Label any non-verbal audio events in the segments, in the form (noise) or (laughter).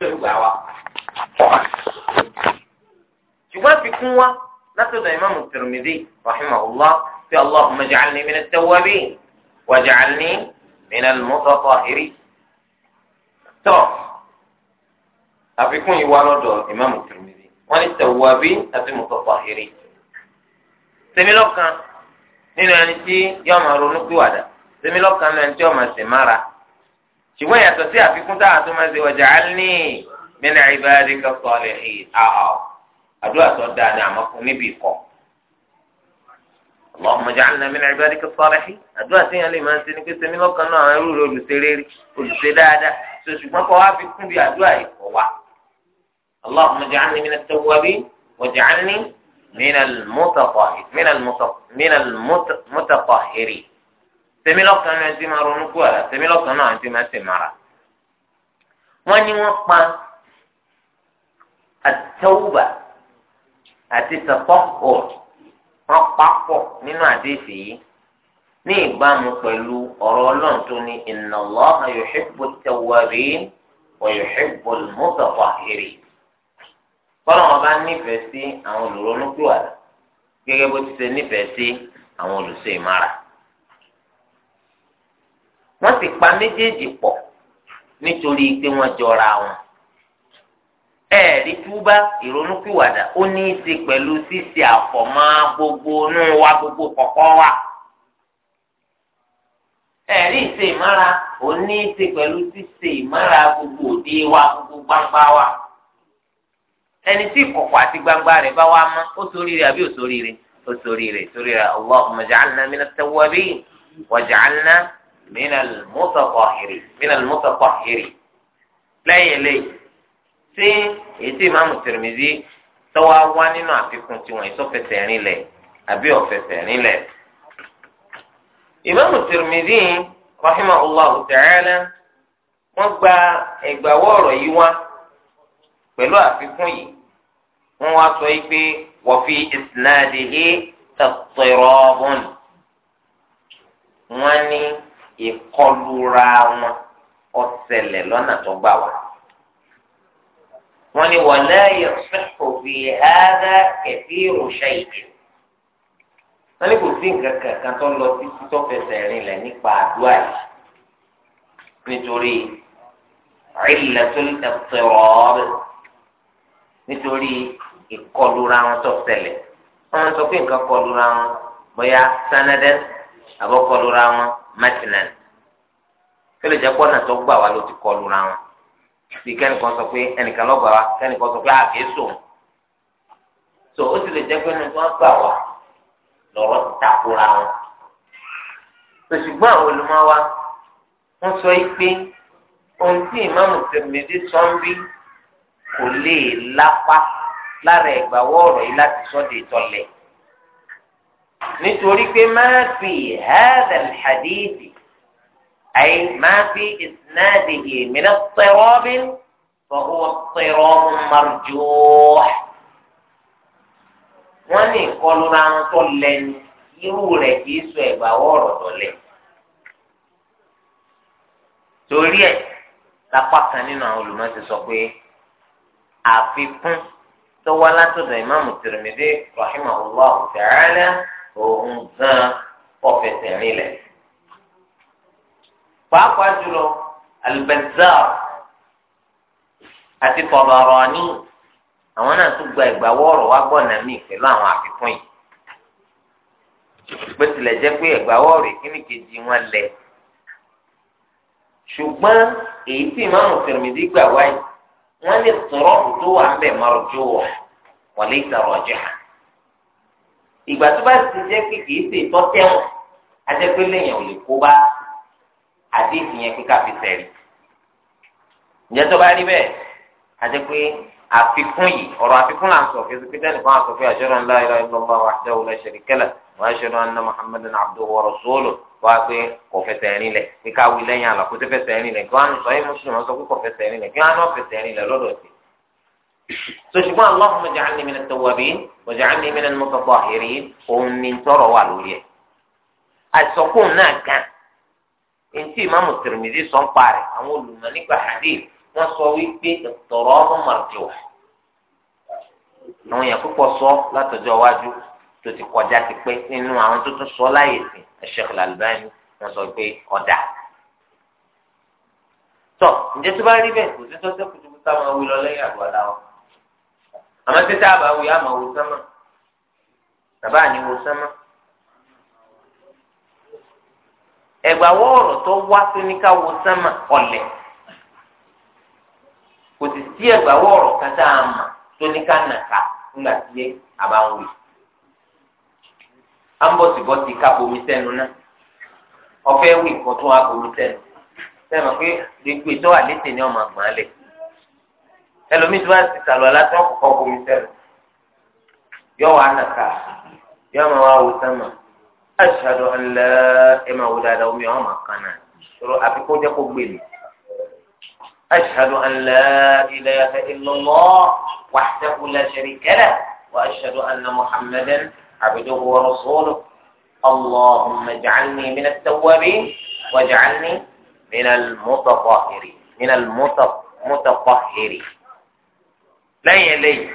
pẹ̀lú gbà wa. ṣùgbọ́n fi kún wa látọ̀dọ̀ imáàmù Tirmidhi rahimahullah fi allahumma ja'alni min at-tawwabin wa ja'alni min al-mutatahhirin. tọ́ àfikún yìí wá lọ́dọ̀ imáàmù Tirmidhi wọ́n ní tawwabin àti mutatahhirin. tèmi lọ́kàn nínú ẹni tí yọ̀ọ́ máa ronú pìwàdà tèmi lọ́kàn nínú ẹni tí yọ̀ọ́ máa ṣe ṣùgbọ́n yàtọ̀ sí àfikún tá a tún máa ń ṣe ni mena waj'alni min le se aho àdúrà tó dáa ní àmọ́ fún níbi ìkọ́ Allahumma ij'alna min le se àdúrà tí yẹn lè máa ń ṣe ni pé sẹ́mi lọ́kàn náà àwọn ẹrú rẹ̀ olùṣe rere olùṣe dáadáa ṣe ṣùgbọ́n kọ́ wá fi kún bí àdúrà ìkọ̀ wá Allahumma ij'alni min at-tawwabin waj'alni min al-mutatahhirin tẹ̀mí lọ́kàn náà ti máa ronú kú àlà tẹ̀mí lọ́kàn náà ti máa tẹ̀mára. wọ́n ní wọ́n pa àtẹ́wùbà àti tẹ̀pọ́pọ̀ wọ́n papọ̀ nínú àdéhìí yìí ní ìbámu pẹ̀lú ọ̀rọ̀ ọlọ́run tó ní inna Allaha yuhibbu at-tawwabin wa yuhibbu al-mutatahhirin. kọ́lọ́wọ́n bá nífẹ̀ẹ́ sí àwọn olùrònúkúwàdà bó ti ṣe nífẹ̀ẹ́ sí àwọn olùṣe ìmára. wọ́n sì pa méjèèjì pọ̀ nítorí pé wọ́n jọra wọn ẹ̀ẹ́dì túbá ìrònúpìwàdà ó ní í ṣe pẹ̀lú ṣíṣe àfọ̀mọ́ gbogbo inú gbogbo kọkọ wa ẹ̀ẹ́dì ṣe ìmára ó ní í pẹ̀lú ṣíṣe ìmára gbogbo òde wa gbogbo gbangba wa ẹni tí àti gbangba bá wá ó sórí àbí ó sórí ó sórí sórí من المتطهرين من المتطهرين لا يلي سي يتي امام الترمذي tọwọ wá nínú àfikún tiwọn ìsọfẹsẹ rinlẹ àbí ọfẹsẹ rinlẹ. ìmáàmù Tirmidhi rahimahullahu ta'ala wọn gba ẹgbàwọ ọ̀rọ̀ yìí wá pẹ̀lú àfikún yìí wọn wá sọ yìí pé wa fi isnadihi tatirabun wọn ní ìkọlura wọn ọsẹlẹ lọnà tó gbà wá wọn ni wọlé yọsẹkọ fi hàdà kẹfì rọṣà ìdè wọn ni kò sí nǹkan kankan tó lọ sí títọ́fẹsẹ̀ rìn lẹ̀ nípa àdúrà yìí nítorí ìlẹ̀tún ẹ̀fẹ̀rọ̀ọ́rẹ́ nítorí ìkọlura wọn tó ṣẹlẹ̀ wọn sọ pé nǹkan kọlura wọn bóyá sanadẹ́ àbọ̀kọlura wọn mẹtìlẹn kí ló jẹ kó náà tó gbà wá ló ti kọlu ra wọn bí kẹ́nìkan sọ pé ẹnìkan lọ gbà wá kẹ́nìkan sọ pé àké sòun tó ó sì lè jẹ pé nígbà wọn gbà wá lọ́rọ̀ ti takora wọn tòṣùgbọ́n àwọn olùmọ̀wá wọ́n sọ yìí pé ohun tí ìmáàmù tẹ̀mẹ́dé sọ́ńbí kò lè lápá lára ẹ̀gbàwọ́ ọ̀rọ̀ yìí láti sọ́dẹ̀ ìtọ́lẹ̀. nítorí pé máa fi hàdà hadithi àyè máa fi ìsìnàdìhì mìíràn mina fọwọ́ sẹ́rọ́bù marjó. wọ́n ní ìkọlù ra wọn tó lẹ́nu irú rẹ̀ kì í sọ ẹ̀gbà wọ́ọ̀rọ̀ dọ̀lẹ́. torí ẹ̀ lápá kan nínú àwọn olùmọ̀ sọ pé àfikún tó wá látọ̀dọ̀ ìmáàmù òun gan ọ̀fẹ̀sẹ̀ rinlẹ̀. pàápàá jùlọ Al-Bazzar àti Tabarani àwọn náà tún gba ìgbàwọ́ọ̀rọ̀ wá gbọ́nà mí pẹ̀lú àwọn àfikún yìí bó tilẹ̀ jẹ́ pé ìgbàwọ́ọ̀rọ̀ ìkíni kejì wọn lẹ̀ ṣùgbọ́n èyí tí ìmáàmù Tirmidhi gbà wáyé wọ́n lè tọrọ tó wà ń bẹ̀ mọ́rọ̀ jù wọ̀ wọ́n lè tọrọ jù hàn ìgbà tó bá ti jẹ́ pé kìí ṣe ìtọ́tẹ̀wọ̀n ajẹ́pẹ́ lẹ́yìn ò lè kó bá àdéhùn yẹn pé ká fi sẹ̀rí. ǹjẹ́ tó bá rí bẹ́ẹ̀ ajẹ́pẹ́ àfikún yìí ọ̀rọ̀ àfikún là ń sọ kí ẹsẹ̀ pété nìkan àsọ fún àṣẹ náà láyé láyé lọ́wọ́ wa ṣẹ́ wò lẹ́sẹ̀ rí kẹlẹ̀ wọ́n aṣọ náà ná muhammed náà abdul wọ̀rọ̀ wá pé kò fẹsẹ̀ rìn lẹ̀ pé káwí lẹ́yìn àlọ́ kó tó fẹsẹ̀ rìn lẹ̀ kí wọ́n á sọ yìí mùsùlùmí sọ pé kò fẹsẹ̀ rìn lẹ̀ kí wọ́n á náà fẹsẹ̀ rìn lẹ̀ lọ́dọ̀ sí sọ̀tùmọ́ Allahumma ja'alni minat tawwabin wa ja'alni minal mutatahhirin òun ni tọrọ wà lórí ẹ̀. àìsọ̀kùn náà kan ntí ìmáàmù Tirmidhi sọ ń parẹ́ àwọn olùmọ̀ nípa hadith wọ́n sọ wípé tọrọ ọmọ màrúdìwà àwọn èèyàn púpọ̀ sọ látọjọ́ iwájú tó ti kọjá ti pé nínú àwọn tó tún sọ láyè sí Sheikh Al-Albani sọ pé ọ̀dà tọ ǹjẹ́ tó bá rí bẹ́ẹ̀ kò sí tó sẹ́kù tó kú táwọn awilọ́lẹ́yìn àgbàdo àwọn àmọ́ títí àbáwí àmọ́ wò sánmà bàbá ni wò sánmà. ẹgbàwọ ọ̀rọ̀ tó wá tó ní ká wo sánmà ọlẹ kò sì sí ẹgbàwọ ọ̀rọ̀ kan tá a mà tó ní ká nàka nígbà tí àbá ń wì á ń bọ̀sibọ́sì ká bomi sẹ́nu náà ọ̀fẹ́ wì kan tó sẹ́nu sẹ́nu pé gbogbo ìtọ́ àlétè ni ọmọ àgbọ̀n alẹ̀. ẹlòmí tí wọn ti sàlọ̀ salo wọn kọkọ omi sẹlẹ yọ wà nàka yọ máa wá wò sẹ́mà aṣáájú ẹ̀lẹ́ ẹ̀ ma wò dáadáa omi ọmọ máa kàn náà ṣòro àfikún jẹ́ kó gbé gbèlè aṣáájú ẹ̀lẹ́ ilẹ̀ ìlọ́lọ́ wàhálà la sharika lah وأشهد أن محمدا عبده ورسوله اللهم اجعلني من التوابين واجعلني من المتطهرين من المتطهرين lẹ́yìn eléyìí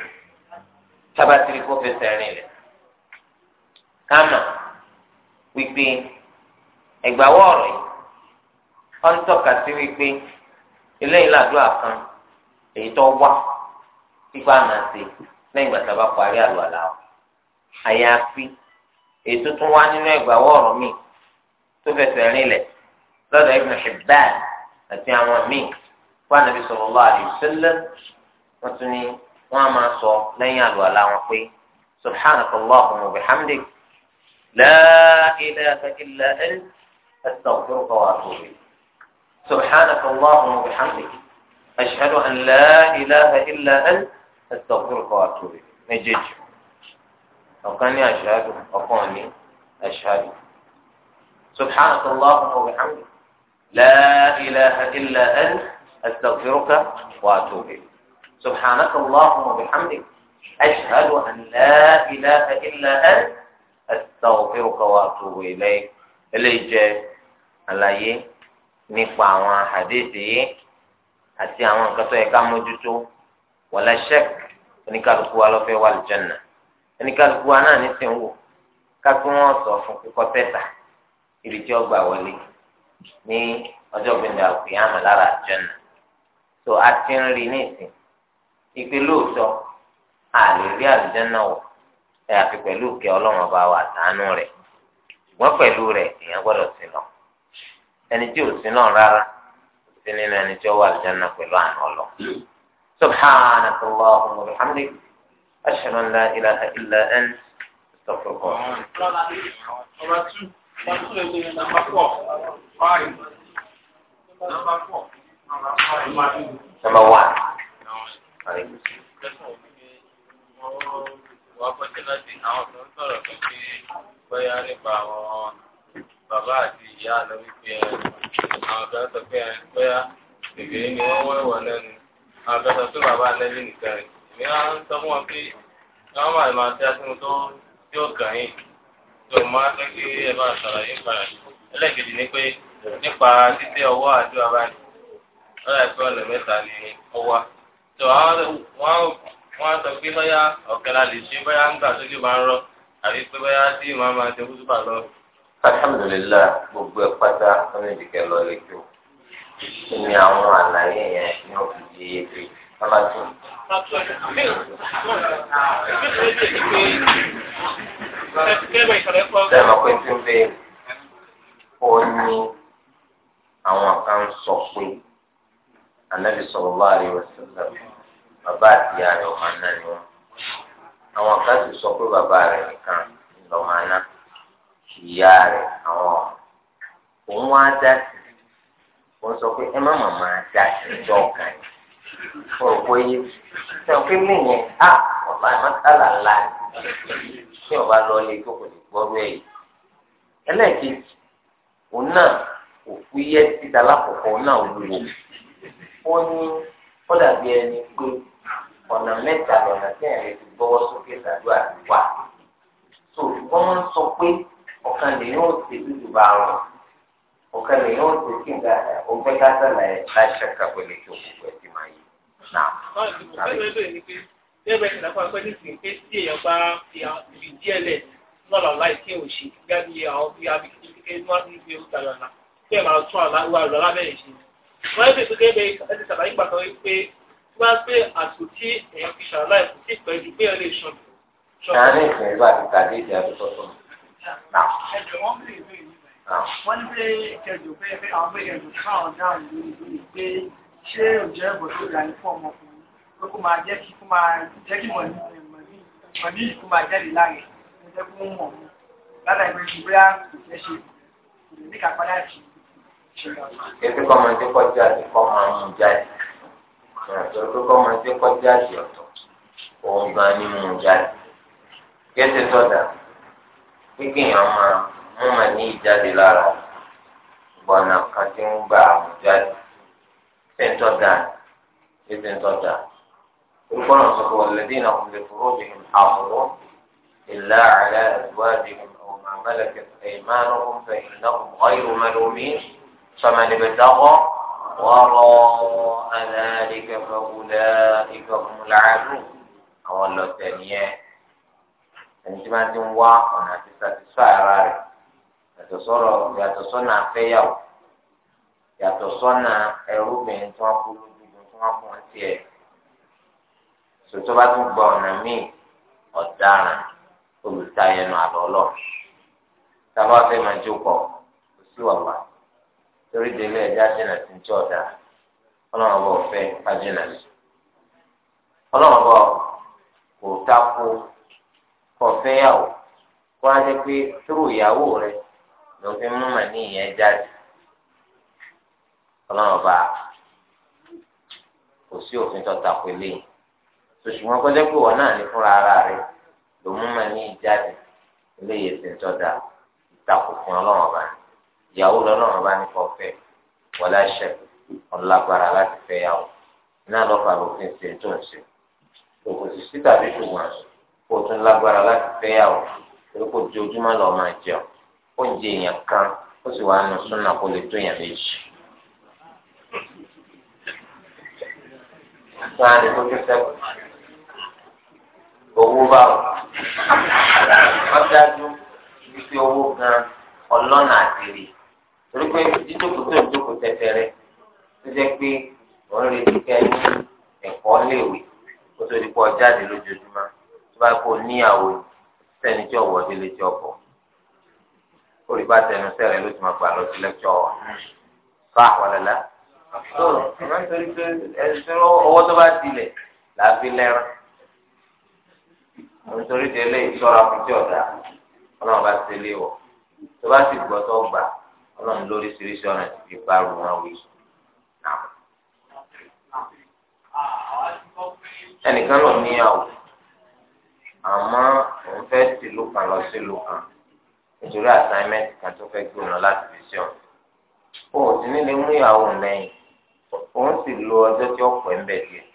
tabatiri kó fẹsẹ̀ rìn lẹ̀ kama wípé ẹgbàwọ́ ọ̀rọ̀ yìí wọ́n tọ́ka sí wípé eléyìí làdúrà kan èyí tó wá fífa àmà sí lẹ́yìn ìgbà tábà parí àlọ́ àlá àyàfi èyí tó tún wá nínú ẹgbàwọ́ ọ̀rọ̀ mi tó fẹsẹ̀ rìn lẹ̀ lọ́dọ̀ Ibn Hibban àti àwọn míì fún Ànábì sallallahu alaihi wasallam. wọ́n tún ní wọ́n á máa sọ lẹ́yìn àlá wọn pé subhanakallahumma wa bihamdik la ilaha illa anta astaghfiruka wa atubu ilayk subhanakallahumma wa bihamdik ashhadu an la ilaha illa anta astaghfiruka wa atubu ilayk méjèèjì ọ̀kan ní ashhadu ọ̀kan ní ashhadu subhanakallahumma wa bihamdik la ilaha illa anta astaghfiruka wa atubu ilayk. سبحانك اللهم وبحمدك أشهد أن لا إله إلا أنت أستغفرك وأتوب إليك eléyìí jẹ́ àlàyé nípa àwọn àdéhìí yìí àti àwọn nǹkan tó yẹ ká mójútó wala shak oníkálukú wa lọ́fẹ́ wà lùjẹ́nà oníkálukú wa náà nísìn wò kápẹ́ wọn sọ fún kíkọ́ tẹ́tà ìrètí ọgbà wọlé ní ọjọ́ gbẹ̀ndà òkè àmàlára àjẹ́nà tó a ti ń rí ní ìsìn ìpè lóòótọ́ a lè rí àlùjánnà wọ̀ ẹ̀ àfi pẹ̀lú ìkẹ́ ọlọ́run ọba wa àtàánú rẹ̀ ṣùgbọ́n pẹ̀lú rẹ̀ èèyàn gbọ́dọ̀ sí lọ ẹni tí ò sí náà rárá kò sí nínú ẹni tí ó wà àlùjánnà pẹ̀lú àná ọlọ. سبحانك اللهم وبحمدك أشهد أن لا إله إلا أنت أستغفرك Number one wọ́n kọ́sí láti àwọn tó ń sọ̀rọ̀ pé pé bóyá nípa àwọn bàbá àti ìyá àlọ́ wípé àwọn kan sọ pé bóyá bèbè ni wọ́n wọ́ ìwọ̀ lẹ́nu àwọn kan sọ pé bàbá lẹ́lí nìkan rẹ̀ èmi á ń sọ fún wọn pé kí wọ́n máa máa dá sínú ni pé nípa títẹ ọwọ́ àdúrà báyìí ọ̀rẹ́ ìfẹ́ ọ̀nà mẹ́ta ni ọwọ́ tó wọ́n wọ́n sọ pé bóyá ọ̀kẹ́ la lè ṣe bóyá ń gbà sójú máa ń rọ àbí pé bóyá tí màá máa ṣe kútu bà lọ. alhamdulilayi gbogbo ẹ pátá lórí ìdíkẹ lọ lẹjọ kí ni àwọn àlàyé yẹn ní òfin di ètò ọlọtí. sẹ́mi pé tí ń bẹ́ẹ̀ ó ní àwọn kan sọ pé. anabi sallallahu alaihi wasallam bàbá àti ìyá a ọmọ náà ni na àwọn kan sì sọ pé baba rẹ̀ nìkan lọmọ na ìyá rẹ̀ àwọn òun wá dá sí wọn sọ pé ẹ má màmá dá sí ìjọ kan a tí ọba lọ lé e kókò ní òun náà yẹ títa ó ní ó dàbí ẹni pé ọ̀nà mẹ́ta lọ́nà tí ẹ̀rẹ́ ti gbọ́wọ́ sókè tó wọ́n sọ pé ọ̀kan lèyìn ò ti dúdú bá wọn ọ̀kan lèyìn ò ti kí ọgbẹ́ ẹ̀ lè tó gbogbo máa ni ndị láì tí ò gbẹ́bí àwọn bí abikí ní wọ́n ti fi náà. Bẹ́ẹ̀ máa tún àlá wà wọ́n yẹ́ pé gẹ́gẹ́ ẹ ti ṣàlàyé gbà kan wípé tí wọ́n á pé àsìkò tí èèyàn fi ṣàlàyé kò tí ì pẹ́ ju pé ẹ lè ṣan. ṣáàní ìfẹ́ bá ti tàdé ìdí àdúgbò tó. ẹjọ́ wọn bèrè ìwé yìí wọn ní pé ìkẹjọ pé pé àwọn pé ẹjọ́ káwọn dáhùn lórí lórí pé ṣé òjò ẹbọ tó dà ní fún ọmọkùnrin pé kó máa jẹ́ kí kó máa jẹ́ kí mọ̀ní mọ̀ní kó máa jáde láàyè kó jẹ́ kó mọ̀ ètò kọ́mọ ẹtí kọjá àti kọ́mọ ẹyin jáde ètò kọ́mọ ẹtí kọjá àti ọ̀tọ̀ òun gan ni mú jáde kẹsẹ̀ tọ́da pínpín yẹn máa mú màá ní ìjáde lára gbọ̀nà kan tí ń gbà mú jáde sẹ́ńtọ́ da sẹ́ńtọ́ da orúkọ náà sọ pé ọ̀lẹ́dínà kò lè fọwọ́ bí àwọ̀ إلا على أزواجهم أو ما ملكت أيمانهم فإنهم غير ملومين فمن ابتغى وراء ذلك فأولئك هم العادون àwọn ọlọ̀tẹ̀ nìyẹn ẹni tí wọ́n ti ń wá ọ̀nà àti satisfy ara rẹ̀ yàtọ̀ sọ̀rọ̀ yàtọ̀ sọ́nà afẹ́yàwó yàtọ̀ sọ́nà ẹrúbìnrin tí wọ́n kú lójúgun tí wọ́n fún wọn tiẹ̀ sòtọ́ bá tún gba ọ̀nà míì ọ̀daràn olùtayẹnu àlọ́ ọlọ́run tábà fẹ́ máa jókòó kò sí wàhálà. torí délé ẹja jìnnà sí ti ọ̀dà ọlọ́run ọba ọ̀fẹ́ sí ọlọ́run ọba kò kó wá pé tóró ìyàwó rẹ ló fi mú mà ní ìyẹn jáde ọlọ́run ọba kò sí òfin tó eléyìí pé fún ọlọ́run ìyàwó lọ́lọ́run bá ní kọfẹ́ wọlé ẹ̀ṣẹ̀ ọ̀làgbára láti fẹ́ yàwó iná lọ́fà lófin ṣe tó ń ṣe òkò sì sí tàbí ṣùgbọ́n kó tún lágbára láti fẹ́ yàwó torí kò di ojúmọ́ lọ máa jẹun oúnjẹ èèyàn kan ó sì wá nu súnà kó lè tó èèyàn méjì. sáà ní kókó sẹ́kù owó bá wò wọ́n dájú wípé owó gan ọlọ́nà àti rèé torí pé jíjókòó tó ń jókòó tẹtẹrẹ tó jẹ́ pé òun retí kẹ́ ní ẹ̀kọ́ léèwé kó tó di pé ọjáde lójoojúmọ́ tó bá kó níyàwó sẹ́ni tí ọ̀wọ́ délé tí ọ̀bọ̀ orí bá tẹnu sẹ́rẹ̀ ló ti máa gbà lọ sí lẹ́kṣọ̀ fáà wàlálà tó ìmọ̀ nítorí pé ẹ̀sìn ọwọ́ tó bá tilẹ̀ làbí lẹ́rán nítorí tẹ́lẹ̀ ìṣọ́ra fún tí ọ̀dà ọlọ́run bá tẹ́lẹ̀ wọ̀ tó bá sì gbọ́ tó gbà ọlọ́run lóríṣiríṣi ọ̀nà ti fi bá ru wọn wí. ẹnìkan ló níyàwó àmọ́ òun fẹ́ tìlú kan lọ sílùú kan nítorí assignment kan tó fẹ́ gbóná láti fi ṣe ọ̀hún. òun sì nílé mú ìyàwó lẹ́yìn òun sì lo ọjọ́ tí ó pẹ́ ń bẹ̀ díẹ̀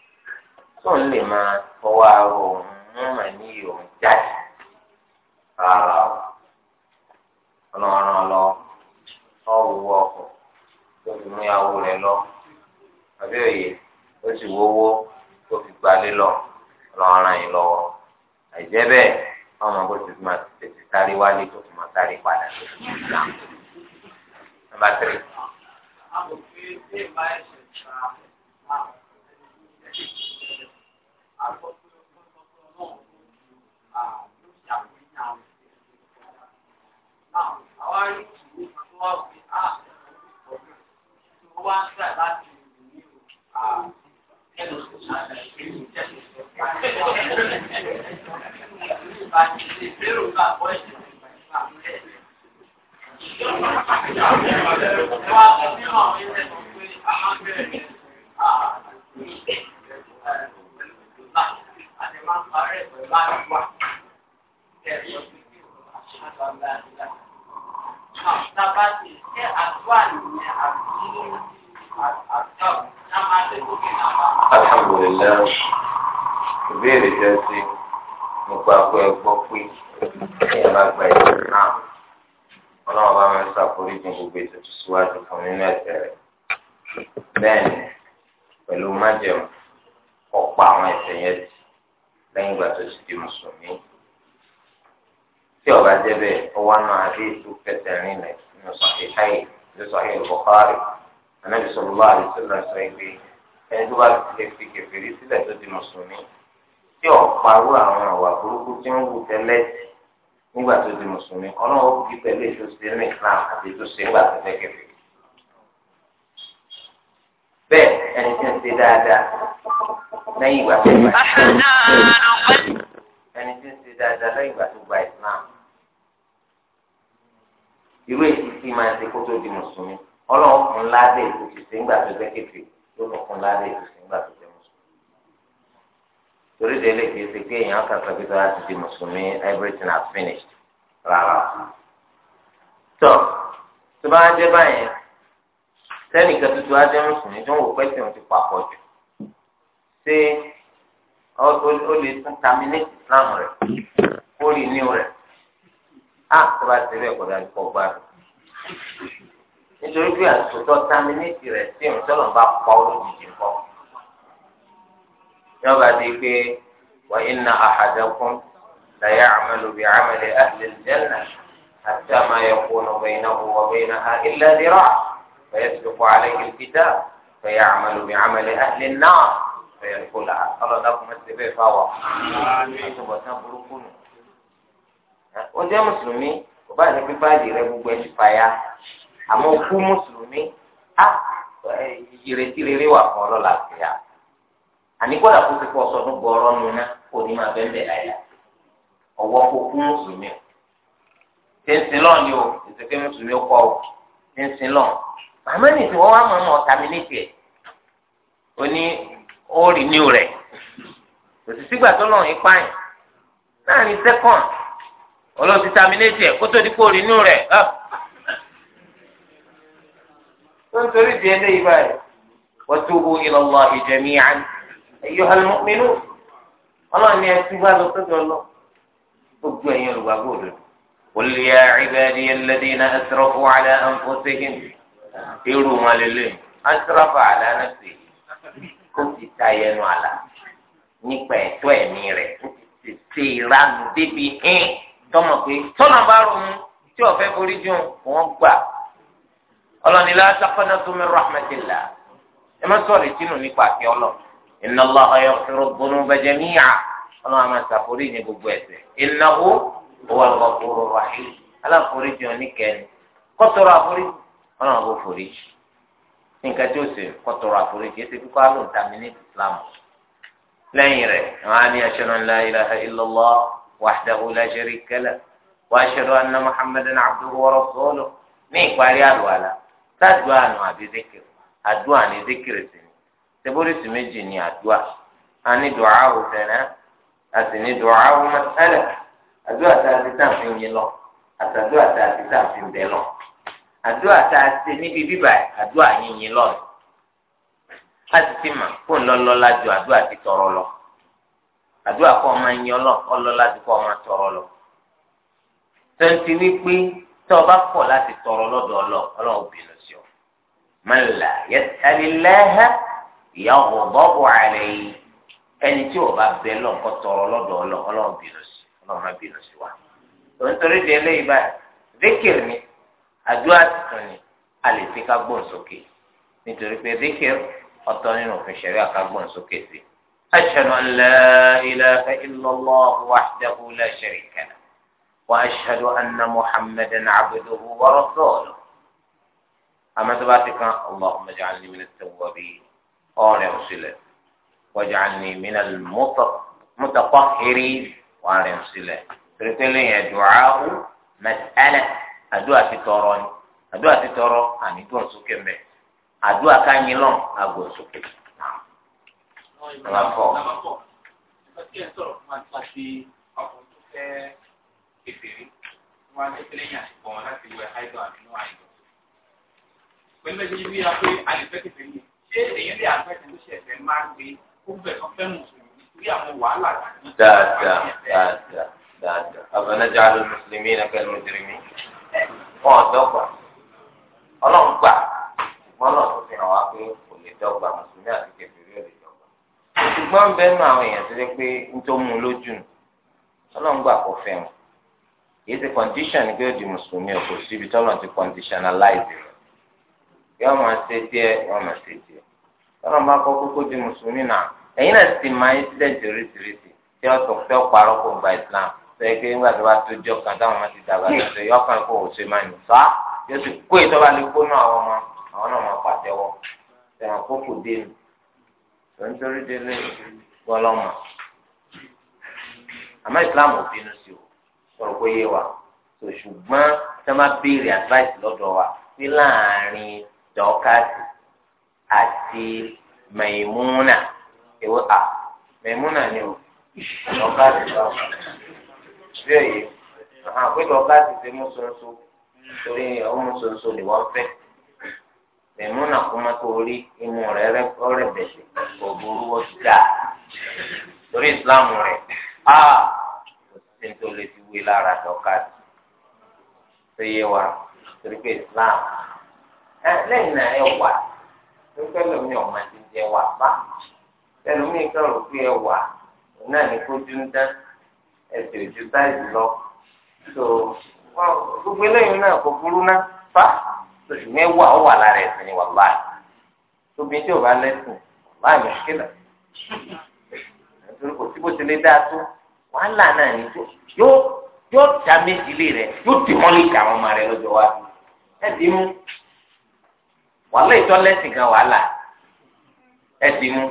tó ń lè máa fọwọ́ ara òun mú màní òun jáde rárá o ọlọ́run lọ ọwọ́ ọkọ̀ tó fi mú ìyàwó rẹ̀ lọ àbí òye ó sì wówó tó fi gbalé lọ lọ́ọ́ràn yìí lọ́wọ́ àìjẹ́ bẹ́ẹ̀ ọmọ bó ti máa tètè sáré wálé tó fi máa sáré padà tó fi máa gbà. Nàmbà tírì. Now, you? wọ́n fi á wọ́n ń tẹ̀ láti ìlú ẹnu tó sáré ìlú tẹ̀lé àti ìbéèrè ọ̀gá àbọ̀ àti máa ń parẹ́ pẹ̀lú àdúrà. Ẹ̀rí ọ̀gbìn kí o bàbá ti ṣe àdúrà nìyẹn àti àdúrà náà máa ṣe sókè náà bá. alhamdulilayi ìbéèrè jẹ́ sí nípa pé ẹ gbọ́ pé ẹ bá gba ìlú náà ọlọ́run bá máa ń ṣàforíjì gbogbo ètùtù síwájú fún nínú ẹ̀ṣẹ̀ rẹ̀ bẹ́ẹ̀ ni pẹ̀lú májẹ̀mú ọ̀pọ̀ àwọn ẹ̀ṣẹ̀ yẹn tí ọba jẹ bẹ́ẹ̀ ọwọ àná àti ètò fẹsẹ̀ rinlẹ̀ nínú Sahih ní Sahih Bukhari Ànábì sallallahu alaihi wasallam sọ pé ẹni tó bá lè fi kèfèrí sílẹ̀ tó di mùsùlùmí tí ọparú àwọn àwà burúkú tí ń wù tẹ́lẹ̀ nígbà tó di mùsùlùmí Ọlọ́run kì í pẹ̀lú ètò sílẹ̀ Islam àti ètò sílẹ̀ àtẹfẹ kèfèrí bẹ́ẹ̀ ẹni tí ẹni tí ń ṣe dáadáa lẹ́yìn ìgbà tó gba Islam irú èsì tí máa ṣe kó tó di mùsùlùmí ọlọ́run fún ládé ìtòsí ńgbà tó jẹ́ kéfì ló lọ fún ládé ìtòsí ńgbà tó jẹ́ mùsùlùmí. torí délé kìí ṣe pé èèyàn kan sọ pé tó láti di mùsùlùmí everything has finished rárá. tó tó bá jẹ́ báyẹn sẹ́nìkan tuntun á jẹ́ mùsùlùmí tó ń wò pẹ́sìn ti papọ̀ jù ṣé ó lè tún terminate Islam rẹ̀ kó rí new rẹ̀. á tó bá ti rí ẹ̀kọ́ dájú kọ́ gbá rẹ̀ nítorí pé àtúntò ní tirẹ tí n sọlọ bá pa ọ lójijì pọ yóò bá di pé wà iná àhàdẹkùn láyé àmàlùbí àmàlẹ àlẹjẹlẹ àti àmàyẹkù náà bẹyìn náà wọ bẹyìn náà ilẹdìrọ bẹyẹ tí òun tọ́lọ̀ bá pa ọ́ lójijì kọ́ yọba di pé wà iná àhàdẹ́kùn làyà àmàlù bí àmàlù àhìlẹ̀ jẹ́nà àti àmà yẹ̀kùn ọ̀bẹ̀ iná ọ̀bẹ̀ iná ilẹ̀ dìrọ̀ ko àlẹ́ kìlìkìtà fẹ̀yẹ̀ àmàlù bí àmàlù àhìlẹ̀ náà fẹ̀yẹ̀ kùlà ọlọ́dà kùmẹ́sì bẹ́ẹ̀ fà wà. àtúbọ̀tán burúkú nù. na jẹ́ mùsùlùmí kò bá ní pípa ìrẹ́ gbogbo ẹ̀ ṣùpá ya àmọ́ kú mùsùlùmí á ìrètí rere wà fún ọlọ́lá àfẹ́yà àní kódà kó ti pọ̀ sọdún gbọ́ọ́rọ́ nu ná kó ní máa bẹ́ẹ̀ láyà ọwọ́ kó kú o tẹ̀sìn lọ ni o ìsèké mùsùlùmí kọ́ o tẹ̀sìn màmá ní ìsìn wá mọ̀ ní tiẹ̀ o ní ó ní ọlọ́run ti tàmínétì ẹ̀ kó tó di kó rí inú rẹ̀ tó ah. ń torí di eléyìí báyìí wa tubu ila Allahi jami'an ayyuhal mu'minun ọlọ́run ni ẹ ti bá lọ sọ́dọ̀ lọ gbogbo ẹ̀yin olùgbàgbọ́ òdodo. قل يا عبادي الذين أسرفوا على أنفسهم irú wọn lélẹ̀ asrafa ala nafsi kó ti ta ẹnu àlà nípa ẹ̀tọ́ ẹ̀mí rẹ̀ ó tọmọ pé tọ́nà bá rò mú tí ọ̀fẹ́ forí jù wọ́n gbà ọlọ́ni la taqnatu min rahmatillah ẹ má sọ̀rọ̀ ìtinú nípa àti ọlọ́ inna Allaha yaghfiru dhunuba ní gbogbo ẹ̀ṣẹ̀ innahu huwal ghafurur rahim aláforí jù oníkẹ́ni kọ́tọ́rọ̀ àforí ọlọ́run àbò forí nǹkan tí ó sì kọ́tọ̀rọ̀ àforíjì ẹsẹ̀ kíkọ́ àlọ́ ìdámi ní islam lẹ́yìn rẹ̀ àwọn àmì ilaha illallah وحده لا شريك له وأشهد أن محمدا عبده ورسوله ní ìparí àlùwàlà sádùá àná àbí zikiri àdúà ní zikiri sí ni tẹbórìsì méjì ní àdúà a ní dùá òfẹ̀nà a sì ní dùá òmọ̀tẹ́lẹ̀ àdúà tá a ti tàn fi yin lọ àtàdúà tá a ti tàn fi bẹ̀ lọ àdúà tá a ti níbi bíbà àdúà yín yin lọ a sì ti mà kó ń lọ lọ́la ju àdúà ti tọrọ lọ àdúrà kọ́ ọmọ ẹ̀yìn ọlọ́ láti kọ́ ọmọ tọrọ lọ. tẹ̀ǹtì wípé tẹ́ ọ bá kọ̀ láti tọrọ lọ́dọ̀ ọlọ́ ọlọ́run bínú sí ọ. mọ̀lá yẹtàlélẹ́hẹ́ ìyá ọ̀bọ̀bọ̀ àlẹ́ yìí ẹni tí ò bá bẹ lọ́kọ́ tọrọ lọ́dọ̀ ọlọ́ ọlọ́run bínú sí ọlọ́run bínú sí wa. tòǹtòrí di eléyìí báyìí zikiri ni àdúrà tuntun ni a lè fi ká gbóhùn nítorí pé zikiri ọ̀tọ̀ nínú òfin ṣẹ̀rí àká sí أشهد أن لا إله إلا الله وحده لا شريك له وأشهد أن محمدا عبده ورسوله أما تباتك اللهم اجعلني من التوابين قال رسله واجعلني من المتطهرين قال رسله تركني يا دعاء مسألة أدعى تتوروني أدعى تتورو أني دون سكمة أدعى كان يلون أقول سكمة nàmà fọ. pẹ̀lú ẹgbẹ́ yìí wíyà pé alìfẹ́ kẹfẹ́ yìí ṣé èyí lè àgbẹ̀ tó ṣe ẹ̀fẹ̀ máa ń gbé kó bẹ̀ tó fẹ́ mùsùlùmí torí àwọn wàhálà tàbí. dáadáa dáadáa dáadáa àbẹ̀lẹ́jà ló mùsùlùmí náà pẹ̀lú mùsùlùmí wọn ò dọ́gba ọlọ́run gbà wọn lọ sọ fi hàn wá pé kò lè dọ́gba mùsùlùmí àti kẹfẹ́. ṣùgbọ́n ń bẹ́ẹ̀ nù àwọn èèyàn tó jẹ́ pé ń tó mú un lójú nù ọlọ́run gbà kó fẹ́ wọn condition pé ó di mùsùlùmí ò síbi tọ́lọ̀ ti conditionalize rẹ̀ yọ́n máa ṣe díẹ̀ wọ́n máa ṣe díẹ̀ tọ́lọ̀ bá kọ́ kókó di mùsùlùmí náà ẹ̀yin náà ti máa incident oríṣiríṣi tí wọ́n fẹ́ parọ́ kó gba Islam sọ pé nígbà tó bá tó jọ kan táwọn máa ti dàgbà lọ́sẹ̀ kó òṣè máa nì yóò nítorí délé bọ́lọ́mọ àmọ́ islam ò bínú sí o sọ̀rọ̀ pé yé wa tó ṣùgbọ́n tá a máa béèrè advice lọ́dọ̀ wa sí láàrin dọ́kàtì àti mẹ̀múnà èwo à mẹ̀múnà ni o dọ́kàtì bá wà bí òye àpéjọ dọ́kàtì ti mú sonso torí ọmú sonso ni wọ́n fẹ́ mẹmúnà kọmọ tó rí imú rẹ rẹ bẹsẹ òbúrú ọjà lórí Islam rẹ a kò sí ní tó lè fi wé lára dọkàdì tó yé wa torí pé ìsìlámù ẹ lẹ́yìn náà ẹ wà tó kẹlẹ mi ọmọ ti jẹ wà pa ẹnu mi kẹrù pé ẹ wà náà ní kójú ń dán ẹsẹ ojú táyì lọ tó gbogbo eléyìí náà kò burú ná pa. ṣùgbọ́n ẹwà ó wà lára ẹ̀sìn ni tóbi tí bá lẹ́sìn nítorí kò sí bó dáa tó wàhálà náà ni tó yóò yóò dá méjìlé rẹ yóò dì mọ́lì kà àwọn ọmọ rẹ lọ́jọ́ wa ẹ̀dì mú ìtọ́ lẹ́sìn gan wàhálà ẹ̀dì mú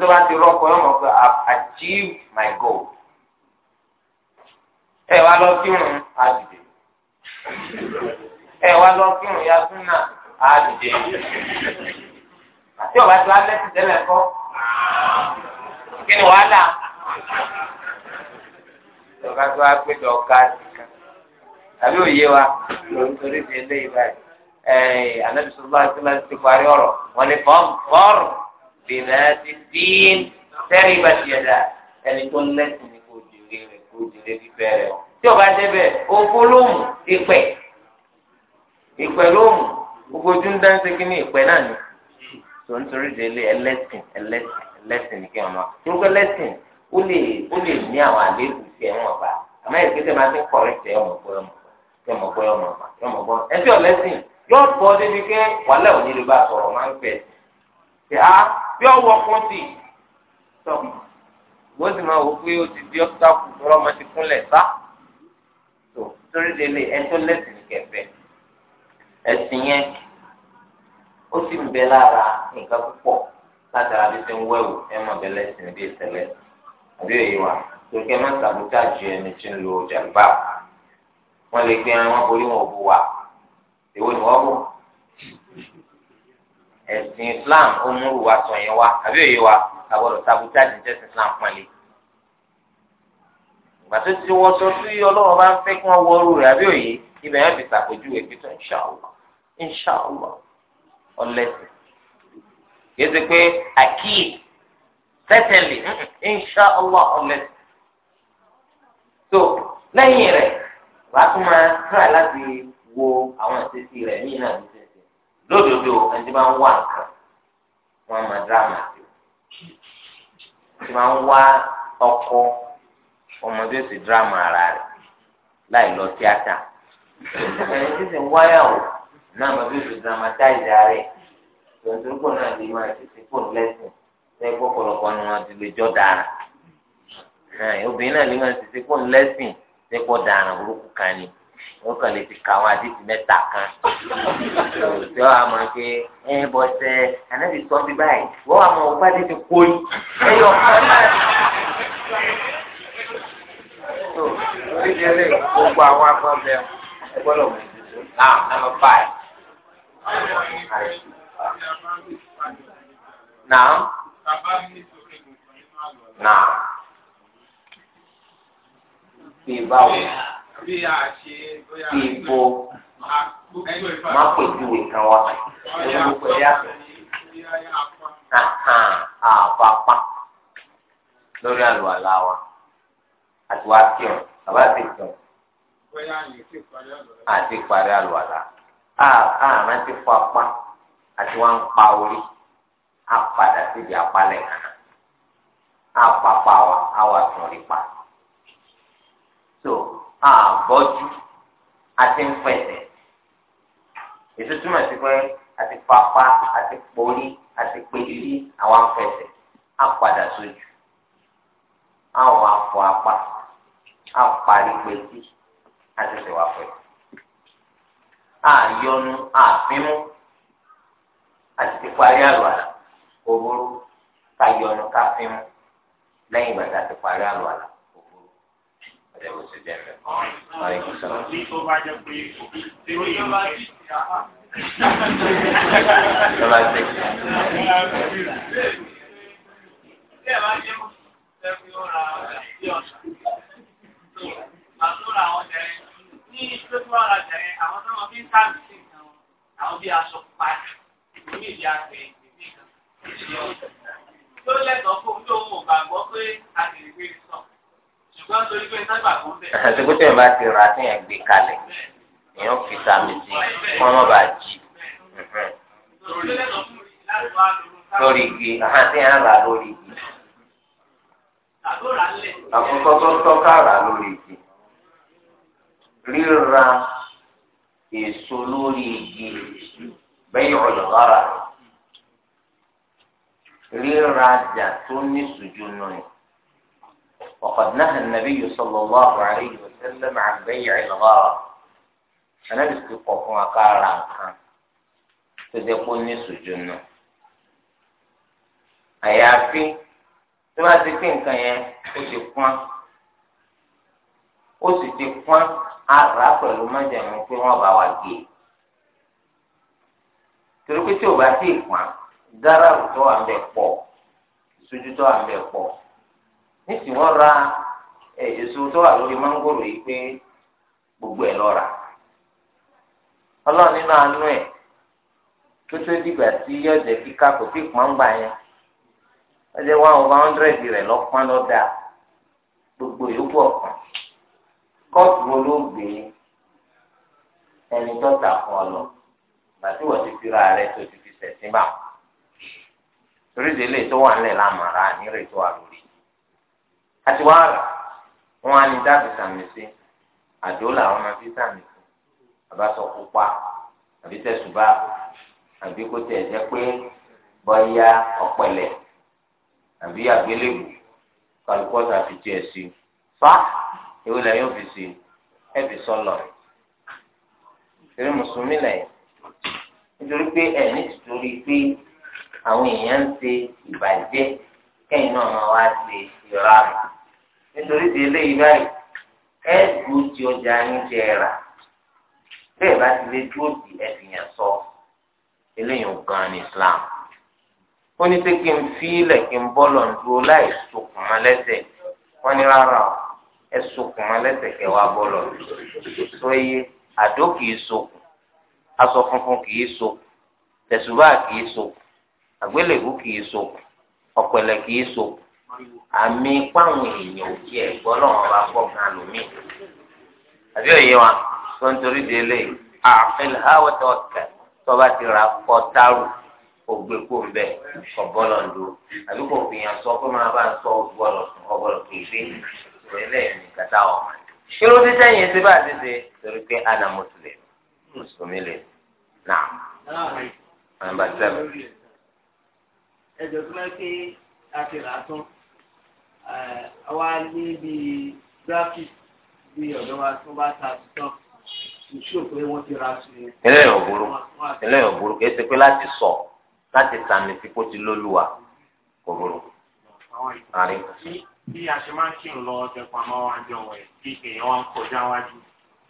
tó bá ti yóò mọ̀ pé I my goal ẹ wá lọ kírun ya súnà á dìde àti ọba tó alẹ́ ti tẹ́lẹ̀ kọ́ kí ni wàhálà ọba tó wá pé jọ ká sí kan tàbí òye wa lórí torí ti eléyìí báyìí ẹ anabi sọlá sọlá ti parí ọ̀rọ̀ wọn ni fọnfọrọ bìnnà ti dín tẹrí ìbàdí ẹ̀dá ẹni tó lẹ́sìn ní kò dìre rẹ kò dìre o tí ọba débẹ̀ ògbólóhùn ti pẹ ìpẹ́ lóhùn gbogbo ojú ń dá ṣe kí ni ìpẹ́ náà ni tó ń torí délé ẹlẹ́sìn ẹlẹ́sìn ẹlẹ́sìn ní kí wọn mọ torúkọ ẹlẹ́sìn ó lè ó lè ní àwọn àléébù sí ẹ̀wọ̀n ọba àmọ́ ìpè tẹ́ máa ti ń kọ̀rẹ́tì ẹ̀wọ̀n ọ̀pọ̀ ẹ̀wọ̀n ọ̀pọ̀ ẹ̀wọ̀n ọ̀pọ̀ ẹ̀wọ̀n ọ̀pọ̀ ẹ̀sìn ọ̀lẹ́sìn yóò pọ̀ débi pé wàhálà òní ló bá sọ̀rọ̀ máa ń fẹ́ ṣe á ah, bí ọwọ́ kún sí tọ́ wọ́n sì máa wò pé ó ti di ọ́tàkù tọ́lọ́mọ ti kúnlẹ̀ sá tó torí délé ẹ̀ tó lẹ́sìn ní ẹ̀sìn yẹn ó sì ń bẹ lára nǹkan púpọ̀ látara bí ṣe ń wẹ̀wò ẹ̀ mọ̀ bẹ́lẹ̀ sí ní bí ìṣẹ̀lẹ̀ àbí òye wa torí ẹ má sàbútà ju ẹni tí ń lo jàǹbá wọn lè gbé ẹran borí wọn bu wa ni bù ẹ̀sìn Islam ó sọ yẹn àbí wa àbọ̀dọ̀ Islam ibẹ̀ yẹn ti sàpèjúwe bí tó inṣàlá inṣàlá ọlẹ́sìn kìí ṣe pé àkíyè tẹ́tẹ̀lì inṣàlá ọlẹ́sìn tó lẹ́yìn rẹ̀ wàá tún máa tíra láti wo àwọn ìṣesí rẹ̀ ní ìlànà ìṣesí lódodo ẹni tí máa ń wá nǹkan wọn máa dírámà sí o máa ń wá ọkọ ọmọdé sì dírámà ara rẹ̀ láì lọ tíátà ẹni tí sì ń wáyà o náà mo bí ìlú dramatize rẹ tòǹtòǹkò náà lè máa tètè fóònù lẹ́sìn lẹ́yìn pọ̀pọ̀lọpọ̀ ni wọ́n ti lè jọ dára obìnrin náà lè máa tètè fóònù lẹ́sìn lẹ́yìn pọ̀ dára burúkú kan ni wọ́n kàn lè ti ka àwọn àdìsí mẹ́ta kan tí wọ́n á máa ṣe ẹ bọ́sẹ̀ ànábì sọ bí báyìí wọ́n á máa wọ́n bá tètè kórì ẹ yọ ọ̀kan gbogbo àwọn akọ́bẹ̀ọ́ ẹ gbọ́dọ̀ wọ̀ náà nàmà five. Náà. Náà. Bí báwo? Bí ibo? Má pè ju ìkan wa. Ẹ gbọ́dọ̀ pé yàtọ̀. Àpapá lórí àlùwàlá wa àti wá kí ọ̀ bàbá àti àti parí àlùwàlà àmà ti fọ apá àti wọn ń pa orí àpàdà síbi apálẹ̀ kan àpapà wa àwa tún rí pa so àbọ̀jú àti ń pẹ̀sẹ̀ èso túmọ̀ sí pé àti papá àti porí àti pèlí àwọn afẹsẹ̀ àpàdà sójú àwọn afọ apá àparí pèlí àṣẹṣẹ wà fún ẹ àyọnu àfimú àti ti parí àlùwà òbúrú káyọnu káfimú lẹ́yìn ìgbà tá a ti parí àlùwà òbúrú ọdẹ bó ṣe bẹ́ẹ̀ mẹ́fọ́ ọ̀rẹ́ kò sọ̀rọ̀. Lọ́la ṣe kí. táàmì sí nǹkan wọn àwọn bí aṣọ pàdé ìlú ìdí àgbẹ̀ ìgbèmí kan ìṣe ọ̀sẹ̀ tó lẹ́tọ̀ọ́ fún ojú òun ò gbàgbọ́ pé agbègbè e sàn ṣùgbọ́n torí pé sábàgbọ́ bẹ́ẹ̀. àtẹ̀kọ́ tẹ̀ máa ti ra tí yẹn gbé kalẹ̀ èèyàn fi sàmì sí kí wọ́n má bàa jì. lórí igi àwọn tí yẹn rà lórí igi. àkókò tó tọ́ka rà lórí igi. rírà èso lórí igi bẹ́ẹ̀ ọ̀lọ́ra rírajà tó ní sùjúnù ni. وقد نهى النبي صلى الله عليه وسلم عن بيع الغرر أنا بسكت وما قال عنها تدقوا النسو جنة àyàfi tó bá ti pín nǹkan yẹn ó ti pọ́n ó sì ti pọ́n ara pẹ̀lú májèmú pé wọ́n bá wa gé e. torí pé tí bá wà ń pọ̀ ìṣojú tó wà pọ̀ nísìnyí wọ́n ra èso tó wà lórí mangoro yìí pé gbogbo ẹ̀ lọ́ra ọlọ́run nínú àánú ẹ̀ tó tó dìgbà tí yọ̀jẹ̀ kíkà kò fi pọ́n gbà yẹn ọjọ́ one over hundred rẹ̀ lọ́pọ́n lọ́dà gbogbo yòókù ọ̀kan. kóòtù wo ló gbé ẹni tó ta fún ọ lọ gbàtí wọ́n ti fira rẹ tó ti fi sẹ̀sìn bá torí délé tó wà nílẹ̀ lámàrá nírè tó wà lórí àti wàá rà wọn á ní dábì sàmì sí àdó làwọn máa fi sàmì sí àbáṣọ pupa àbí tẹ̀sùn bá àbí kó tẹ̀ jẹ́ pé bọ́yá ọ̀pẹ̀lẹ̀ àbí àgbélébù kálukọ́ta fi tiẹ̀ sí fa èwo lẹ́yìn ò fi sí ẹ fi sọlọ ìṣeré mùsùlùmí lẹ́yìn nítorí pé ẹ ní tìtorí pé àwọn èèyàn ń ṣe ìbàjẹ́ kẹ́yìn náà máa wá ṣe ìrara nítorí ti eléyìí báyìí ẹ dùn ti ọjà yín jẹ rà bẹ́ẹ̀ bá ti lè dúró di ẹ̀sìnyàn sọ eléyìí gan ni Islam ó ní pé kí n fi ilẹ̀ kí n bọ́ lọ́n dúró láì sokùn mọ́ lẹ́sẹ̀ wọ́n ní rárá o. ẹsùnkùn alẹsẹkẹ wa bọlọ tó yé àdó kìí sokùn aṣọ funfun kìí sokùn tẹsùbà kìí sokùn àgbélébù kìí sokùn ọ̀pẹ̀lẹ̀ kìí sokùn àmì páwọn èèyàn ò tiẹ̀ gbọ́ lọ́wọ́ bá gbọ́ gan lómi àbí òye wa tó ń torí àfẹlẹ kọ ògbé eléyìí ní kàtà ọmọ kí ló dé sẹ́yìn ẹsẹ̀ bá ti ṣe torí pé ana mùsùlùmí mùsùlùmí lè nà. nàmbà sẹ́fù. ẹjọ́ tó máa ń pé a ti rà á tán àwa níbi graphic bí ọ̀dọ́ wa tó bá ta tuntun eléyìí ò burú eléyìí ò burú kìí ṣe pé láti sọ láti sàmì sí kó ti lóluwà kò bí a ṣe máa ń kírun lọ ọjọ́ pamọ́ wá jọ wẹ̀ bí èèyàn wá ń kọjá wájú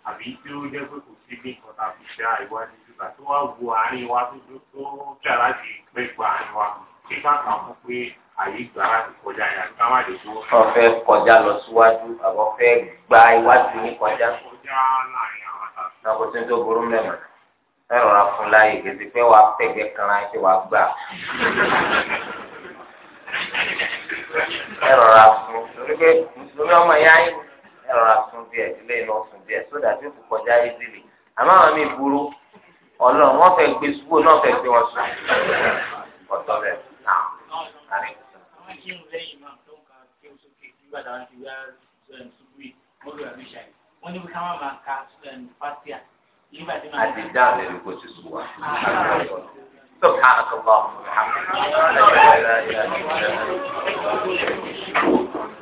àbí tí ó jẹ́ pé kò sí bí nǹkan tá a fi ṣe àìwájú ìgbà tó wá wo àárín wa tó tó jà láti pẹ́ gba àárín wa kí káàkà fún pé àyè ìgbà láti kọjá yẹn àti káwá lè tó. wọ́n fẹ́ kọjá lọ síwájú àwọn fẹ́ gba iwájú ní kọjá. kọjá láàrin àwọn àtàkùn. náà kò tí ń tó burú mẹ́mọ̀ ẹ rọra fún láyè kì pé wàá pẹ̀gbẹ́ kan láyé tí wàá gbà. (laughs) ẹ rọra fún torí pé mùsùlùmí ọmọ ìyá yín ẹ rọra fún díẹ̀ ilé iná fún díẹ̀ sódà tí kò kọjá ìdílé àmọ́ àwọn mi burú Ọlọ́run wọn fẹ́ẹ́ gbé sùkúù náà fẹ́ẹ́ gbé wọn sùn ọ̀tọ̀ rẹ náà kárí. wọ́n ní ká má máa ka fásitì nígbà tí máa. àti dáhùn lè rí kó ti sùn wá. (laughs) سبحانك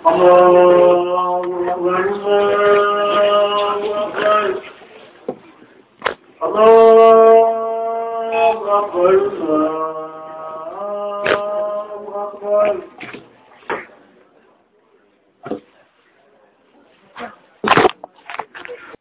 اللهم وبحمدك الله أكبر الله أكبر